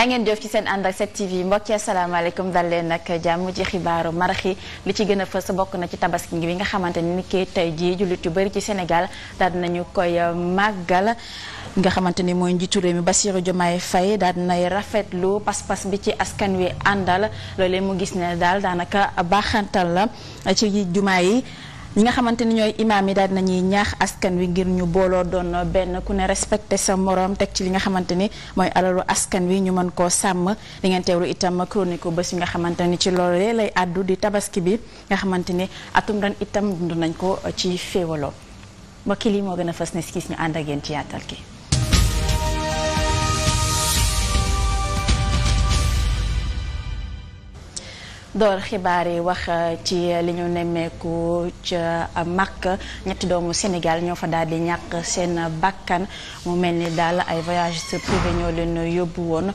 yaa ngeen jëf ci seen ànd ak 7TV mbokki asalaamaaleykum dal leen nag jàmm ci xibaaru maraxi li ci gën a fës bokk na ci tabaski bi nga xamante ni ki tey jii jullit yu bëri ci senegal daal dinañu koy màggal nga xamante ni mooy njiitu réew mi Bassirou yi Faye daal dinay rafetlu pas-pas bi ci askan wi àndal loolee mu gis ne daal daanaka baaxantal la ci jumaa yi li nga xamante ni ñooy imaam yi daal nañuy ñaax askan wi ngir ñu booloo doon benn ku ne respecté sa moroom teg ci li nga xamante ni mooy alalu askan wi ñu mën koo sàmm di ngeen teewlu itam chronique bés yi nga xamante ni ci loolee lay àddu di tabaski bi nga xamante ni atum ren itam dund nañ ko ci féewaloo mbokki lii moo gën a fës ne skis ñu ànd a yéen ci yaatal gi door xibaar yi wax euh, ci li ñu nemmeeku ca euh, màkk ñetti doomu Sénégal ñoo fa daldi ñàkk seen bakkan mu mel ni daal ay voyageurs privés ñoo leen yóbbu woon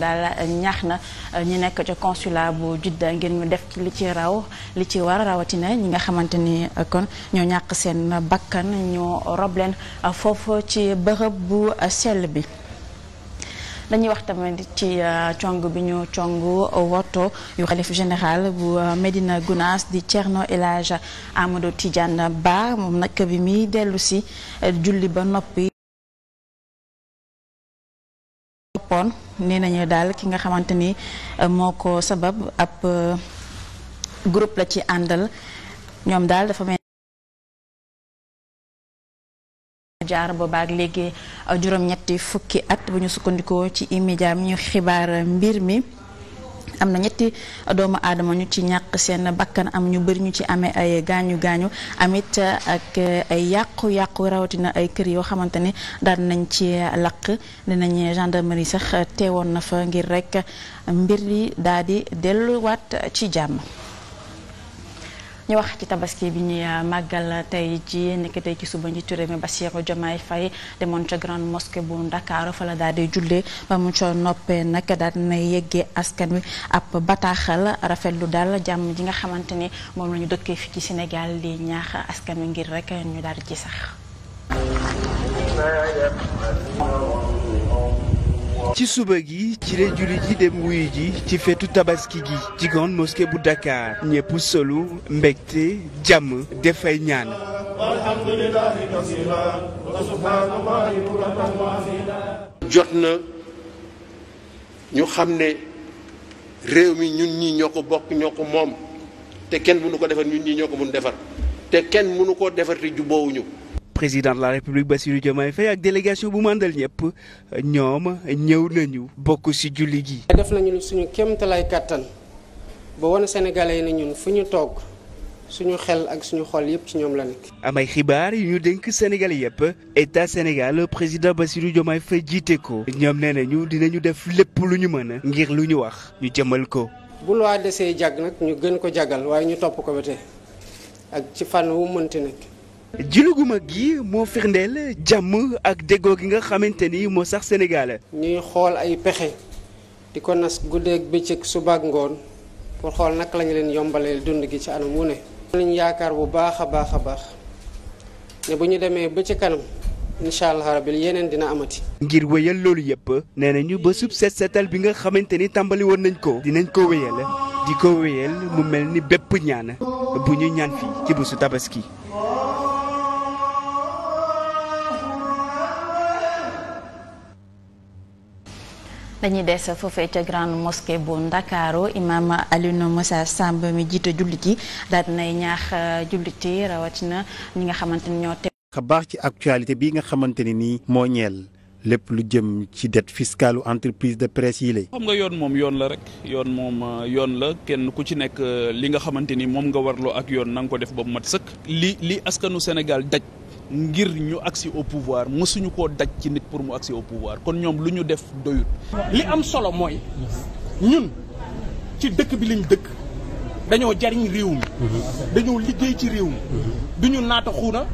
daal euh, ñaax na ñu nekk ca consulat bu Jidda ngir ñu def ci li ci raw li ci war rawatina ñi nga xamante ni kon ñoo ñàkk seen bakkan ñoo rob leen foofu ci bërëb bu sell bi dañuy wax tamit ci euh, cong bi ñu cong woto yu xalif général bu euh, Médina Gounass di Thierno El Hadj Amadou Ba moom nag bi mi dellusi si euh, julli ba noppi. pon nee nañu daal ki nga xamante ni moo ko sabab ab groupe la ci àndal ñoom daal dafa mel jaar boobaak léegi euh, juróom-ñetti fukki at bu ñu sukkandikoo ci immédiat mi ñu xibaar euh, mbir mi am na ñetti doomu aadama ñu ci ñàkk seen bakkan am ñu bëri ñu ci amee ay gaañu gaañu amit euh, ak ay yàqu-yàqu rawatina ay kër yoo xamante ne daan nañ ci lakk dinañ gendarmerie sax teewoon na fa ngir rek mbir li daal di delluwaat ci jàmm. ñu wax ci tabaski bi ñuy euh, màggal tey ci nekk tey ci suba njiitu réew mi Bassirou Diomaye Faye demoon ca grande mosquée bu Ndakaaru fa la daal jullee ba mu ca noppee nak daal na yeggee askan wi ab bataaxal rafetlu dal jàmm ji nga xamante ni moom lañu ñu dëkkee fii ci Sénégal di ñaax askan wi ngir rek ñu daal ci sax. ci suba gi ci la julli ji dem wuyu ji ci fetu tabaski gi ci grande mosquée bu Dakar ñëpp solu mbégte jàmm defay ñaan jot na ñu xam ne réew mi ñun ñii ñoo ko bokk ñoo ko moom te kenn mënu ko defar ñun ñi ñoo ko mun defar te kenn mënu koo defar te jubboowuñu président de la république Bassirou Diomaye fay ak délégation bu mandal ñëpp ñoom ñëw nañu bokk ci julli gi. def nañu suñu kéemtalaay kàttan ba wane sénégalais yi ne ñun fu ñu toog suñu xel ak suñu xol yëpp ci ñoom la nekk. amay xibaar yu ñu dénk sénégalais yëpp état sénégal président Bassirou Diomaye fay jiite ko ñoom nee nañu dinañu def lépp lu ñu mën a ngir lu ñu wax ñu jëmal ko. bu loi desee jàgg nag ñu gën ko jàggal waaye ñu topp ko ba tey ak ci fànn wu mënti nekk. jiluguma gi moo firndeel jàmm ak déggoo gi nga xamante ni moo sax Sénégal. ñuy xool ay pexe di ko nas guddeeg bëccëg suba ak ngoon pour xool naka lañu leen yombaleel dund gi ci anam wu ne. yaakaar bu baax a baax a baax ne bu ñu demee ba ci kanam incha allah rabil yeneen dina amati. ngir wéyal loolu yëpp nee nañu ba sub set bi nga xamante ni tàmbali woon nañ ko. dinañ ko wéyal di ko wéyal mu mel ni bépp ñaan bu ñu ñaan fii ci bésu tabaski. dañuy des foofee ca grande mosquée bu Ndakaaru imaam Alioune Moussa Samb mi jiite jullit yi daal dinay ñaax euh, jullit yi rawatina ñi nga xamante ni ñoo teew. baax ci actualité bi nga xamante ni nii moo ñeel. lépp lu jëm ci dette fiscale entreprise de presse yi la. xam nga yoon moom yoon la rek yoon moom euh, yoon la kenn ku ci nekk euh, li nga xamante ni moom nga warloo ak yoon na nga ko def ba mu mat sëkk. li li askanu Sénégal daj. ngir ñu agsi au pouvoir mësuñu koo daj ci nit pour mu agsi au pouvoir kon ñoom lu ñu def doyut li am solo mooy ñun ci dëkk bi lañ dëkk dañoo jariñ réew mi dañoo liggéey ci réew mi duñu naata xuuna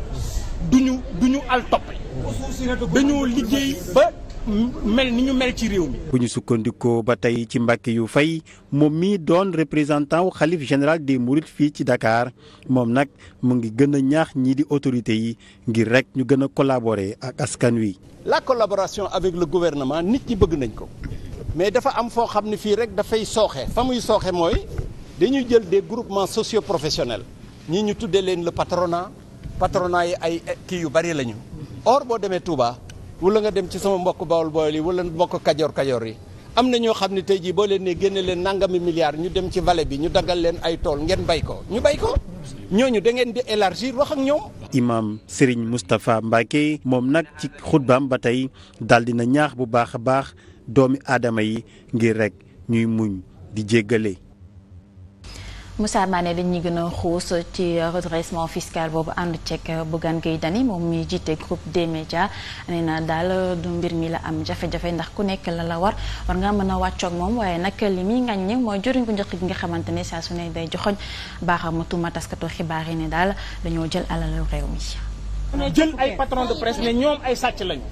duñu duñu al toppe dañoo liggéey ba mel ni ñu mel ci réew mi. bu ñu sukkandikoo ba tey ci Mbàkke yu fay moom mii doon représentant wu xalif général des Mourides fii ci Dakar moom nag mu ngi gën a ñaax ñii di autorités yi ngir rek ñu gën a collaborer ak askan wi. la collaboration avec le gouvernement nit ñi bëgg nañ ko mais dafa am foo xam ne fii rek dafay sooxe fa muy sooxe mooy dañuy jël des groupements socio-professionnels ñii ñu tuddee leen le patronat patronat yi ay kii yu bari lañu. or boo demee Touba. wala nga dem ci sama mbokk bawol bawol yi wala mbokk kajoor kajoor yi am na ñoo xam ne tey jii boo leen ne génne leen nangami milliards ñu dem ci vallée bi ñu dagal leen ay tool ngeen bay ko ñu bay ko ñooñu dangeen ngeen di élargir wax ak ñoom. imaam Serigne mustafa Mbacke moom nag ci xutbaam ba tey daal na ñaax bu baax a baax doomi aadama yi ngir rek ñuy muñ di jéggale. Moussa Mané dañuy gën a xuus ci redressement fiscal boobu ànd ceeg Bougane Gueye Dany moom mi jiite groupe des médias nee daal du mbir mi la am jafe-jafe ndax ku nekk la la war war nga mën a wàccoog moom waaye nag li muy ŋàññ mooy jëriñ bu njëkk gi nga xamante ne saa su ne day joxoñ baaxamatu ma taskatu xibaar yi ne daal dañoo jël alalu réew mi. jël ay patron de presse ne ñoom ay sàcc lañu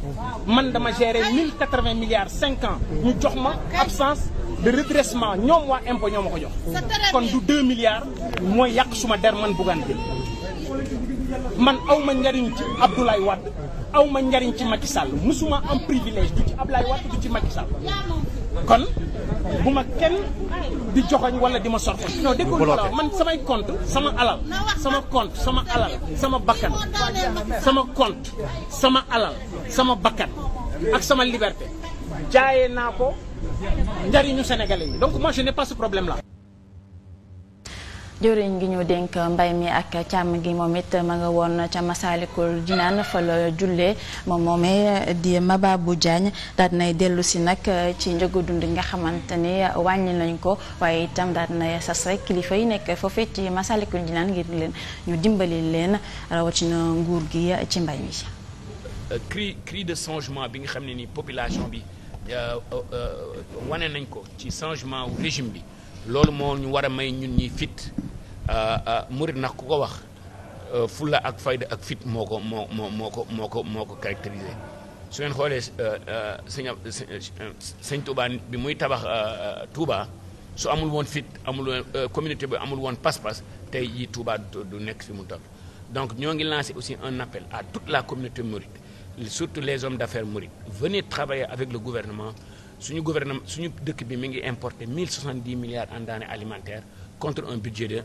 man dama gérer mille quatre vingt milliards cinq ñu jox ma absence de redressement ñoom waa impo ñoo ma ko jox kon du deux milliards mooy yàq suma der man buggaan bi man aw ma njariñ ci Abdoulaye Wade aw ma njariñ ci Macky Sall musuma am privilège du ci Abdoulaye Wade du ci Macky Sall kon bu ma kenn di joxoñ wala di ma sorte non déggoo la man samay compte sama alal sama compte sama alal sama bakkan sama compte sama alal sama bakkan ak sama liberté jaayee naa ko njariñu sénégalais yi donc moi je n'ai pas ce problème là jëwriñ ngi ñu dénk mbay mi ak càmm gi moom it ma nga woon ca Masaalikul dinaan fa la jullee moom moomee di Mababou Diagne daal di nay dellu si nag ci njëgu dund nga xamante ni wàññi nañ ko waaye itam daal di nay sas kilifa yi nekk foofee ci Masaalikul Jinaan ngir leen ñu dimbali leen rawatina nguur gi ci mbay mi. cri cri de changement bi nga xam ne ni population bi euh, euh, euh, wane nañ ko ci changement wu régime bi. loolu moo ñu war a may ñun ñi fit euh, euh, murit nag ku ko wax euh, fulla ak fayda ak fit moo ko moo moo moo ko moo ko moo ko caractérisé su ngeen xoolee sëñ sëñ Touba bi muy tabax Touba su amul woon fit amul woon communauté bi amul woon pas-pas tey jii Touba du nekk fi mu toll donc ñoo ngi lancé aussi un appel à tout la communauté mouride surtout les hommes d'affaires mourides venez travailler avec le gouvernement suñu gouvernement suñu dëkk bi mi ngi importer mille soixante dix milliards en denrées alimentaires contre un budget de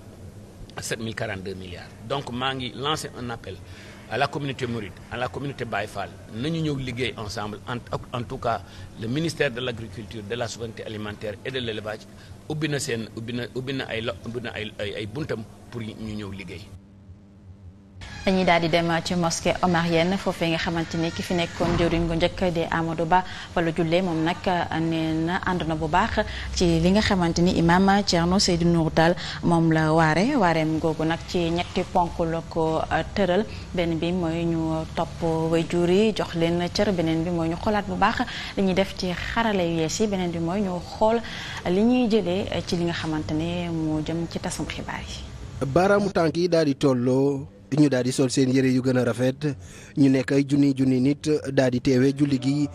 sept mille milliards. donc maa ngi lancer un appel à la communauté mouride à la communauté Baye Fall ñu ñëw liggéey ensemble en en tout cas le ministère de l' agriculture de la souveraineté alimentaire et de l' élevage ubbi na seen ubbi na ubbi na ay lo ubbi na ay ay buntam pour ñu ñëw liggéey. lañuy daal di dem ci mosquée omarienne foofee nga xamante ni ki fi nekkoon jëwriñ bu njëkk di Amadou Ba wala jullee moom nag nee na ànd na bu baax ci li nga xamante ni imaam sey di Nourou Tall moom la waare waareem googu nag ci ñetti ponk la ko euh, tëral benn bi mooy ñu topp waajur yi jox leen cër beneen bi mooy ñu xoolaat bu baax li ñuy def ci xarala yu yi beneen bi mooy ñu xool li ñuy jëlee ci li nga xamante ni mu jëm ci tasum xibaar yi. baaraamu tànk yi ñu daal di sol seen yëre yu gën a rafet ñu nekk ay junni junni nit daal di teewe julli gi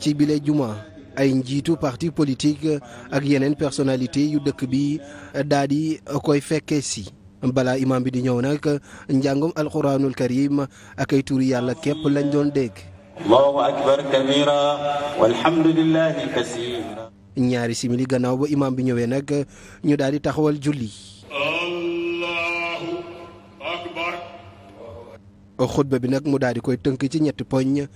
ci bile juma ay njiitu parti politique ak yeneen personnalité yu dëkk bi daal koy fekkee si balaa imaam bi di ñëw nag njàngum alxuraanul karim ak ay turi yàlla képp lañ doon dégg. allahu akbar kabira walhamdulillahi kasira ñaari simili gannaaw ba imaam bi ñëwee nag ñu daal di taxawal julli. xutba bi nag mu daal di koy tënk ci ñetti poñ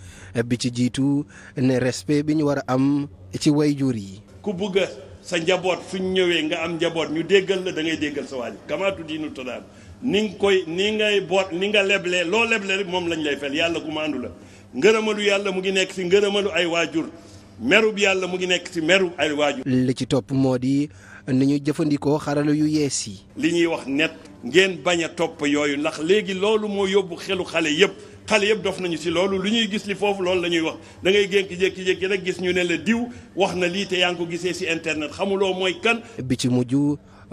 bi ci jiitu ne respect bi ñu war a am ci way jur yi. ku bugg sa njaboot fu ñëwee nga am njaboot ñu déggal la da ngay déggal sa waajur kamaatu diinu todaan ni nga koy ni ngay boot ni nga leblee loo leble rek moom lañ lay fel yàlla ku la ngërëmalu yàlla mu ngi nekk si ngërëmalu ay waajur meru yàlla mu ngi nekk si meru ay waajur. li ci topp moo di ni ñu jëfandikoo xarala yu yees yi. li ñuy wax net ngeen bañ a topp yooyu ndax léegi loolu moo yóbbu xelu xale yépp xale yëpp dof nañu si loolu lu ñuy gis li foofu loolu la ñuy wax da ngay génk jékki-jékki rek gis ñu ne la diw wax na lii te yaa ngi ko gisee ci internet xamuloo mooy kan. bi ci mujj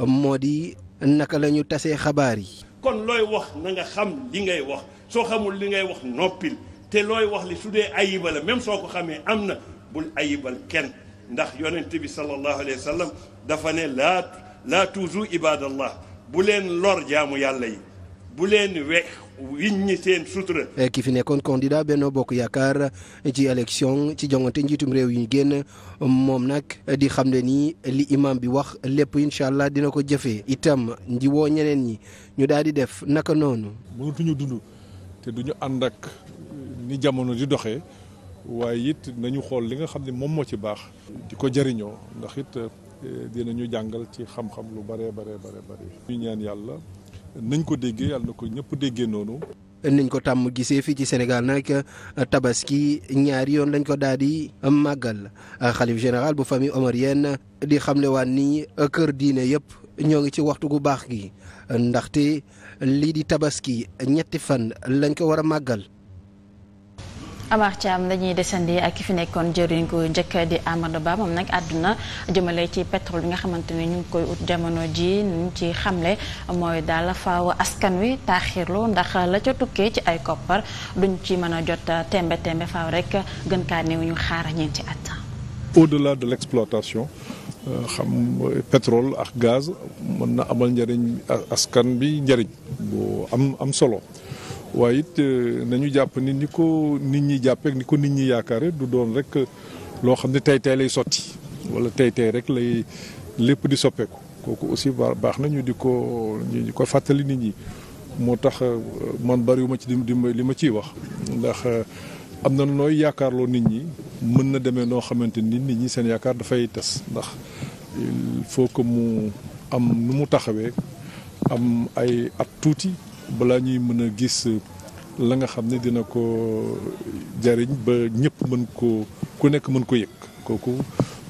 moo di naka la ñu tasee xabaar yi. kon looy wax na nga xam li ngay wax soo xamul li ngay wax noppil te looy wax li su dee ayiba la même soo ko xamee am na bul ayibal kenn. ndax yonent bi sallallahu alayhi wa dafa ne laa laa tuuzu ibadallah bu leen lor jaamu yàlla yi bu leen wex wiññi seen sutura. E, ki fi nekkoon candidat Benno Bokk Yaakaar ci élection ci jongante njiitum réew yi ñu génn moom nag di xam ne nii li imam bi wax lépp incha allah dina ko jëfee itam ndi ñeneen ñi ñu daal di def naka noonu. mënatuñu dund te duñu ànd ak ni jamono di doxee. waaye it nañu xool li nga xam ne moom moo ci baax. di ko jëriñoo ndax it eh, ñu jàngal ci xam-xam lu bëree bare bare bëri. ñu ñaan yàlla nañ ko déggee yàlla na ko ñëpp déggee noonu. niñ ko tàmm gisee fii ci senegal nag tabaski ñaari yoon lañ ko daal di màggal xalif général bu famille omarienne di xamle waan ni kër diine yëpp. ñoo ngi ci waxtu gu baax gi ndaxte lii di tabaski ñetti fan lañ ko war a màggal Amar Thiam dañuy desandi ak ki fi nekkoon jëriñ gu njëkk di Amadou Ba moom nag àdduna jëmale ci pétrole bi nga xamante ne ñu ngi koy ut jamono ji ñu ci xamle mooy daal faw askan wi taaxirlu ndax la ca tukkee ci ay koppar duñ ci mën a jot tembe tembe faaw rek gën kaa néew ñu xaar ñeenti at. au-delà de l'exploitation euh, xam pétrole ak gaz mën na amal njëriñ askan bi njëriñ bu am am solo. waaye it euh, nañu jàpp nit ñi ko nit ñi jàppee ni ko nit ñi yaakaare du doon rek euh, loo xam ne tey tey lay sotti wala tey tey rek lay lépp di soppeeku kooku aussi baax na ñu di ko ñu di ko fàttali nit ñi moo tax euh, man bariwuma ci li ma ciy wax ndax am na nooy yaakaarloo nit ñi mën na demee noo xamante ni nit ñi seen yaakaar dafay tas ndax il faut mu am nu mu taxawee am ay at tuuti balaa ñuy mën a gis la nga xam ne dina ko jariñ ba ñëpp mën ko ku nekk mën ko yëg kooku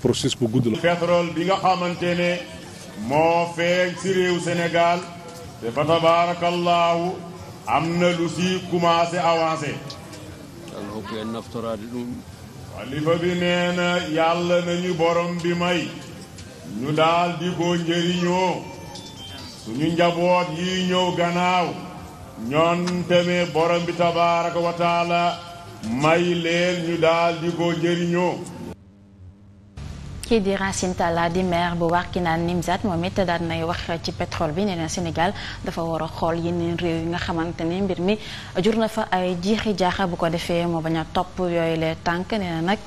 processus bu gudd la. pétrole bi nga xamante ne moo feeñ ci réew Sénégal te fa tabaarakallaahu am na lu ci commencé avancé. xalifa bi nee yàlla nañu borom bi may ñu daal di ko njëriñoo suñu njaboot yi ñëw gannaaw ñoon tamit borom bi tabaaraka wa may leen ñu daal di ko jëriñoo kii di Racine Talla di maire bu Wakhinane Nimzatt moom it daal nay wax ci pétrole bi nee na Sénégal dafa war a xool yeneen réew yi nga xamante ne mbir mi jur na fa ay jiixi jaaxa bu ko defee moo baña topp yooyu les tànk nee na nag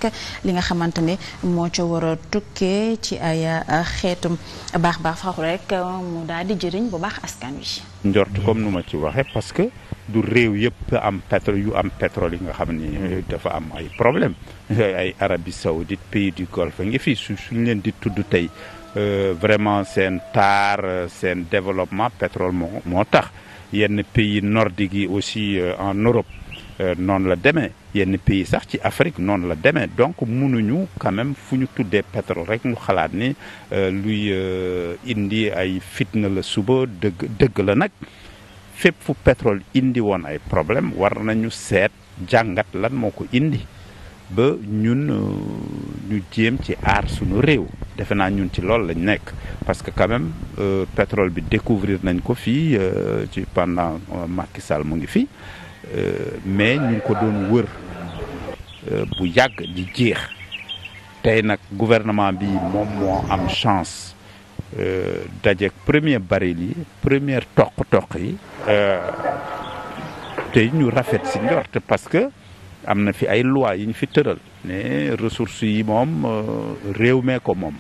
li nga xamante ne moo ca war a tukkee ci ay ah, xeetum baax baax faxu rek mu daal di jëriñ bu baax askan wi. njort comme nu ci waxee parce du réew yëpp am pétrole yu am pétrole yi nga xam ni mm. dafa am ay problème ay Arabie Saoudite pays du Golfe ngi fii su suñ leen di tudd tey euh, vraiment seen taar euh, seen développement pétrole moo moo tax yenn pays nordiques yi aussi euh, en Europe noonu la demee yenn pays sax ci Afrique noonu la demee donc mënuñu quand fu ñu tuddee pétrole rek ñu xalaat ni luy indi ay fitna la suba dëgg dëgg la nag fépp fu pétrole indi woon ay problème war ñu seet jàngat lan moo ko indi ba ñun euh, ñu jéem ci aar suñu réew defe naa ñun ci loolu lañ nekk parce que quand même euh, pétrole bi découvrir nañ ko fii euh, ci pendant euh, mu ngi fi euh, mais ñu ngi ko doon wër bu yàgg di jeex tey nag gouvernement bi moom am chance Euh, dajeeg premier baril yi première toq-toq yi euh, te ñu rafet si njort parce que am na fi ay loi yi ñu fi tëral ne ressources yi moom euh, réew mee ko moom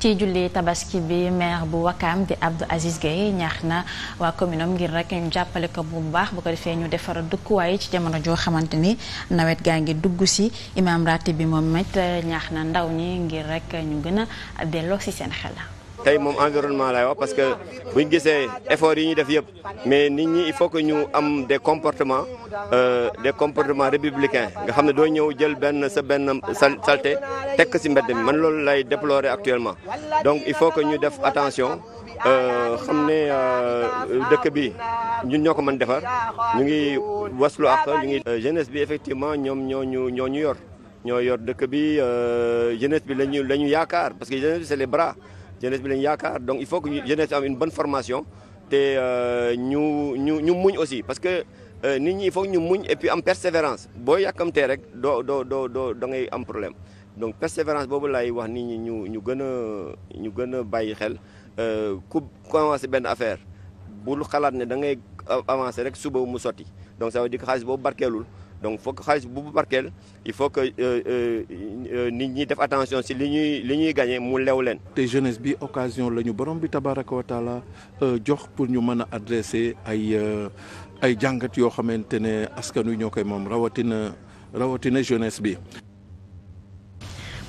ci julli tabaski bi maire bu wakkaam di Abdou Aziz Gueye ñaax na waa commune ngir rek ñu jàppale ko bu baax bu ko defee ñu defara dëkkuwaay ci jamono joo xamante ni nawet gaa ngi dugg si imaam ratib bi moom it ñaax na ndaw ñi ngir rek ñu gën a delloo si seen xel. tey moom environnement laay wax parce que bu ñu gisee effort yi ñu def yëpp mais nit ñi il faut que ñu am des comportements euh, des comportements républicains nga xam ne doo ñëw jël benn sa benn salté tekk si mbedd mi man loolu lay déplorer actuellement donc il faut que ñu def attention euh, xam ne euh, dëkk bi ñun ñoo ko mën defar ñu ngi waslu ak ñu ngi jeunesse bi effectivement ñoom ñoo ñu ñoo ñu yor ñoo yor dëkk bi jeunesse bi lañu la ñu yaakaar parce que jeunesse bi c'est les bras jeunesse bi lañ yaakaar donc il faut que jeunesse am une bonne formation te euh, ñu ñu ñu muñ aussi parce que euh, nit ñi il faut ñu muñ et puis am persévérance boo yàkkamtee rek doo doo doo doo da ngay am problème donc persévérance boobu laay wax nit ñi ñu ñu gën a ñu gën a bàyyi xel euh, ku commencé benn affaire bul xalaat ne da ngay avancer rek suba mu sotti donc ça veut que xaalis boobu barkeelul donc foog xaalis bu bu barkeel il faut que euh, euh, euh, nit ñi def attention si li ñuy li ñuy gagné mu lew leen. te jeunesse bi occasion la ñu borom bi tabaraka wa jox pour ñu mën a adressé ay ay jàngat yoo xamante ne askan wi ñoo koy moom rawatina rawatina jeunesse bi.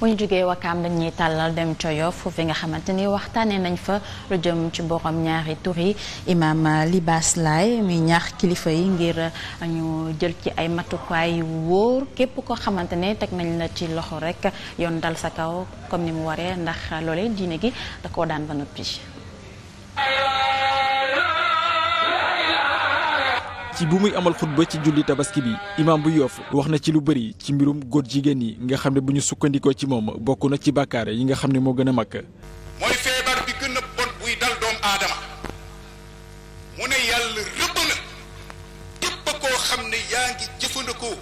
bu ñu jógee Wakaam dañuy tàllal dem Coyof fi nga xamante ni waxtaanee nañ fa lu jëm ci borom ñaari tur yi Libaas Laay muy ñaax kilifa yi ngir ñu jël ci ay matukaay yu wóor képp ko xamante ne teg nañ la ci loxo rekk yoon dal sa kaw comme ni mu waree ndax loolee diine gi da koo daan ba noppi. ci bu muy amal xutba ci julli tabaski bi imaam bu Yoff wax na ci lu bëri ci mbirum góor jigéen yi nga xam ne bu ñu sukkandikoo ci moom bokk na ci bàkkaar yi nga xam ne moo gën a mag. mooy feebar bi gën a bon buy dal doomu aadama mu ne yàlla rëbb na képp koo xam ne yaa ngi jëfandikoo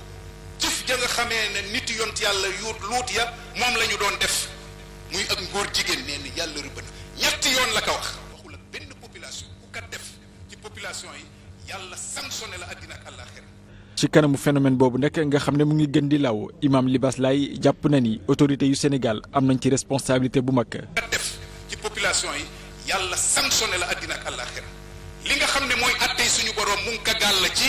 jëf ja nga xamee ne nit yont yàlla yuut luut ya moom la ñu doon def muy ak ngóor jigéen nee ni yàlla rëbb na ñetti yoon la ko wax waxul ak benn population ku kat def ci population yi. yàlla sanctionné la àddina ak ci kanamu phénomène boobu nag nga xam ne mu ngi gën di law Imam Libaas Laay jàpp na ni autorité yu Sénégal am nañ ci responsabilité bu mag. nga def ci population yi yàlla sanctionné la àddina ak àllaaxira li nga xam ne mooy àttee suñu borom mu ngi ko gàll ci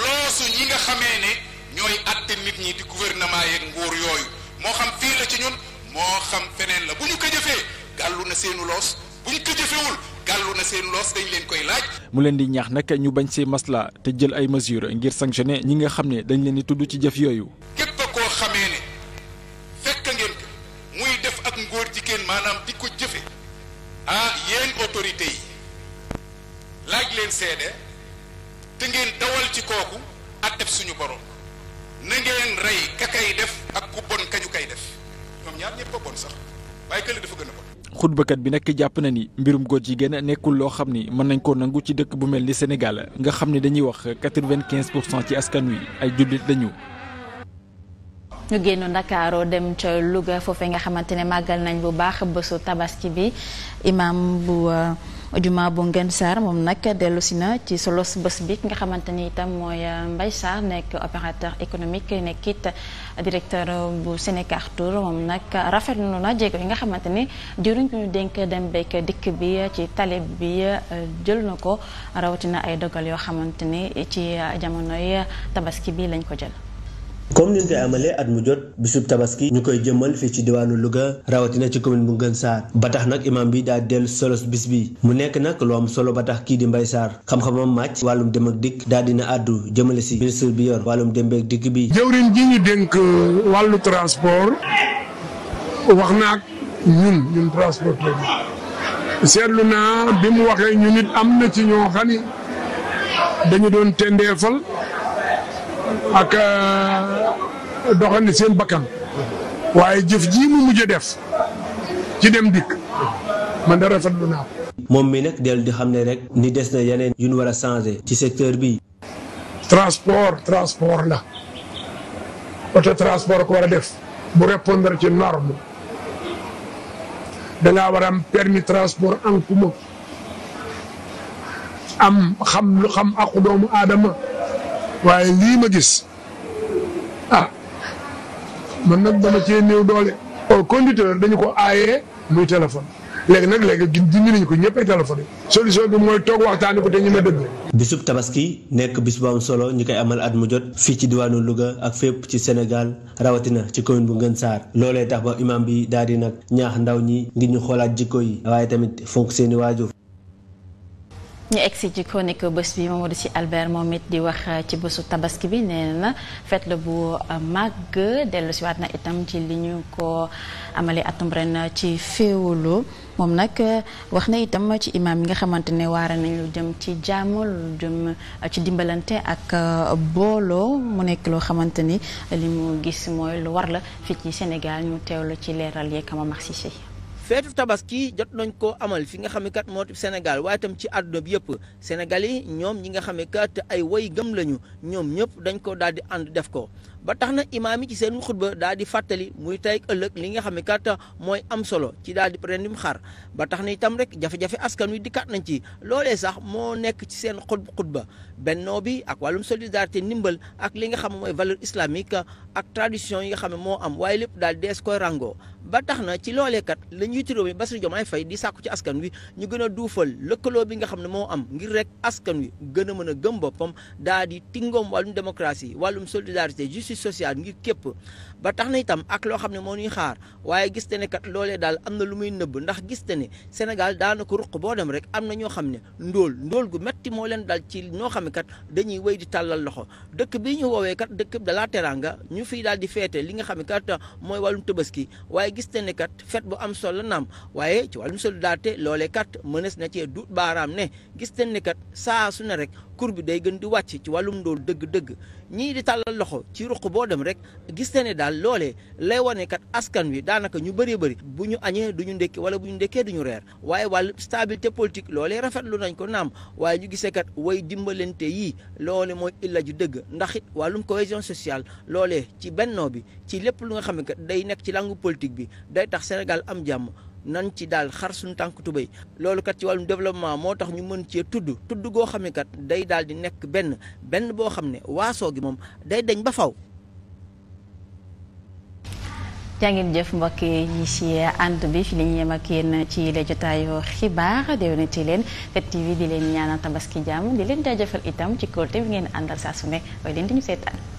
loosu ñi nga xamee ne ñooy àtte nit ñi di gouvernement yeeg nguur yooyu moo xam fii la ci ñun moo xam feneen la bu ñu ko jëfee gàllu na seenu loos bu ñu ko gàllu na seen loos dañ leen koy laaj. mu leen di ñaax nag ñu bañ see masla te jël ay mesures ngir sanctionner ñi nga xam ne dañ leen di tudd ci jëf yooyu. képp koo xamee ne fekk ngeen ko muy def ak ngóor jigéen maanaam di ko jëfe ah yéen autorité yi laaj leen seede te ngeen dawal ci kooku atteb suñu borom na ngeen rey ka kay def ak ku bon kañu kay def ñoom ñaar ñëpp a bon sax waaye kële dafa gën a bon. xutbakat bi nag jàpp na ni mbirum góor jigéen nekkul loo xam ni mën nañ koo nangu ci dëkk bu mel ni Sénégal nga xam ni dañuy wax quatre-vingt-quinze pour cent ci askan wi ay jullit lañu. ñu génn ndakaaroo dem ca Louga foofee nga xamante ne màggal nañ bu baax a bésu tabaski bi imam bu. Euh, Juma bu Ngën Sarr moom nag dellusi na ci solos bés bi ki nga xamante ni itam mooy euh, mbay Sarr nekk opérateur économique nekk it directeur bu Sénécartour moom nag rafetlu na jéego yi nga xamante ni jëriñ ñu dénk dem bekk dikk bi ci tali bi euh, jël na ko rawatina ay dogal yoo xamante ni ci jamonoy tabaski bi lañ ko jël. comme ni koy amalee at mu jot bisub tabaski ñu koy jëmmal fii ci diwaanu Louga rawatina ci commune bu Ngën Saar ba tax nag imaam bi daa dellu solo bis bi mu nekk nag lu am solo ba tax kii di Mbaye Sarr xam-xamam màcc wàllum dem ak dikk daal dina àddu jëmale si ministre bi yor wàllum dem ak dikk bi jëwriñ ji ñu dénk wàllu transport wax naag ñun ñun transporteur bi seetlu naa bi mu waxee ñu nit am na ci ñoo xam ni dañu doon tendeefal ak euh, doxal ni seen bakkan waaye jëf jii mu mujj def ci dem dikk man da rafetlu naa moom mi nag dellu di xam ne rek ni des na yeneen yu ñu war a changé ci secteur bi transport transport la oto transport ko war a def bu répondre ci norme dangaa war permis transport en am xam xam aqu doomu aadama waaye lii ma gis ah man nag dama cee néew doole. au conducteur dañu ko aayee muy téléphone léegi nag léegi dindi nañu ko ñëpp ay téléphone solution bi mooy toog waxtaanee ko te ñu ma dëgg. bisub tabaski nekk bis am solo ñu koy amal at mu jot fii ci diwaanu Louga ak fépp ci senegal rawatina ci commune bu Ngën Saar loolee tax ba imam bi daal di nag ñaax ndaw ñi ngir ñu xoolaat jikko yi waaye tamit fonk seeni waajur. ñu egsi ci chronique bés bi Mamadou Sy Albert moom it di wax euh, ci bésu tabaski bi nee na fête bu euh, mag dellu si waat na itam ci li ñu ko amale atum ren ci féewaloo moom nag euh, wax na itam ci imaam yi nga xamante ne waara nañ lu jëm ci jàmm lu jëm ci dimbalante ak booloo mu nekk loo xamante ni li mu gis mooy lu war la fii ci Sénégal ñu teewlu ci leeral yeeg si Sy feetu tabaski jot nañu ko amal fi nga xam ne kat moo Sénégal waaye itam ci àdduna bi yëpp Sénégal yi ñoom ñi nga xam ne kat ay woy gëm lañu ñoom ñëpp dañ ko daal di ànd def ko. ba tax na imaam yi ci seen xutba daal di fàttali muy tey ëllëg li nga xam ne kat mooy am solo ci daal di rendim xar ba tax na itam rek jafe-jafe askan wi dikkaat nañ ci loolee sax moo nekk ci seen xutba bennoo bi ak wàllum solidarité ndimbal ak li nga xam mooy valeur islamique. ak tradition yi nga xam ne moo am waaye lépp daal dees koy rangoo ba tax na ci looleekat la njiitu réew mi Bassirou Diomaye fay di sàkku ci askan wi ñu gën a duufal lëkkaloo bi nga xam ne moo am ngir rek askan wi gën a mën a gëm boppam daa di tingoom wàllum démocratie wàllum solidarité justice sociale ngir képp ba tax na itam ak loo xam ne moo ñuy xaar waaye gis te ne kat loolee daal am na lu muy nëbb ndax gis te ne Sénégal daana ko ruq boo dem rek am na ñoo xam ne ndóol ndóol gu metti moo leen dal ci ñoo xam ne dañuy wéy di tàllal loxo dëkk bi ñu woowee kat dëkk da la teranga fii daal di feete li nga xam ne kat mooy wàllum tabaski waaye gis na ne kat fet bu am solo naam waaye ci wàllum solidarité loole kat mënees na cee du baaraam ne gis nañ ne kat saa ne rek kur bi day gën di wàcc ci wàllum ndool dëgg-dëgg ñii di tàllal loxo ci ruq boo dem rek gis na ne daal loole lay wane kat askan wi daanaka ñu bëree bëri bu ñu añee du ñu ndekki wala bu ñu ndekkee du ñu reer waaye wàllu stabilité politique loolee rafetlu nañ ko naam waaye ñu gisee kat way dimbalante yii loole mooy illa ju dëgg ndax it wàllum cohésion sociale loolee ci bennoo bi ci lépp lu nga xam ne day nekk ci langue politique bi day tax Sénégal am jàmm nan ci daal xar suñu tànk tubéy loolu kat ci wàllum développement moo tax ñu mën cee tudd tudd goo xam ne kat day daal di nekk benn benn boo xam ne waasoo gi moom day dañ ba faw jàngeen jëf mbokk yi ci ànd bi fi li ñu yem ak yéen ci la jotaayu xibaar déwénati leen 7TV di leen ñaanal tabaski jàmm di leen jaajëfal itam ci kóolte bi ngeen àndal saa su ne leen di ñu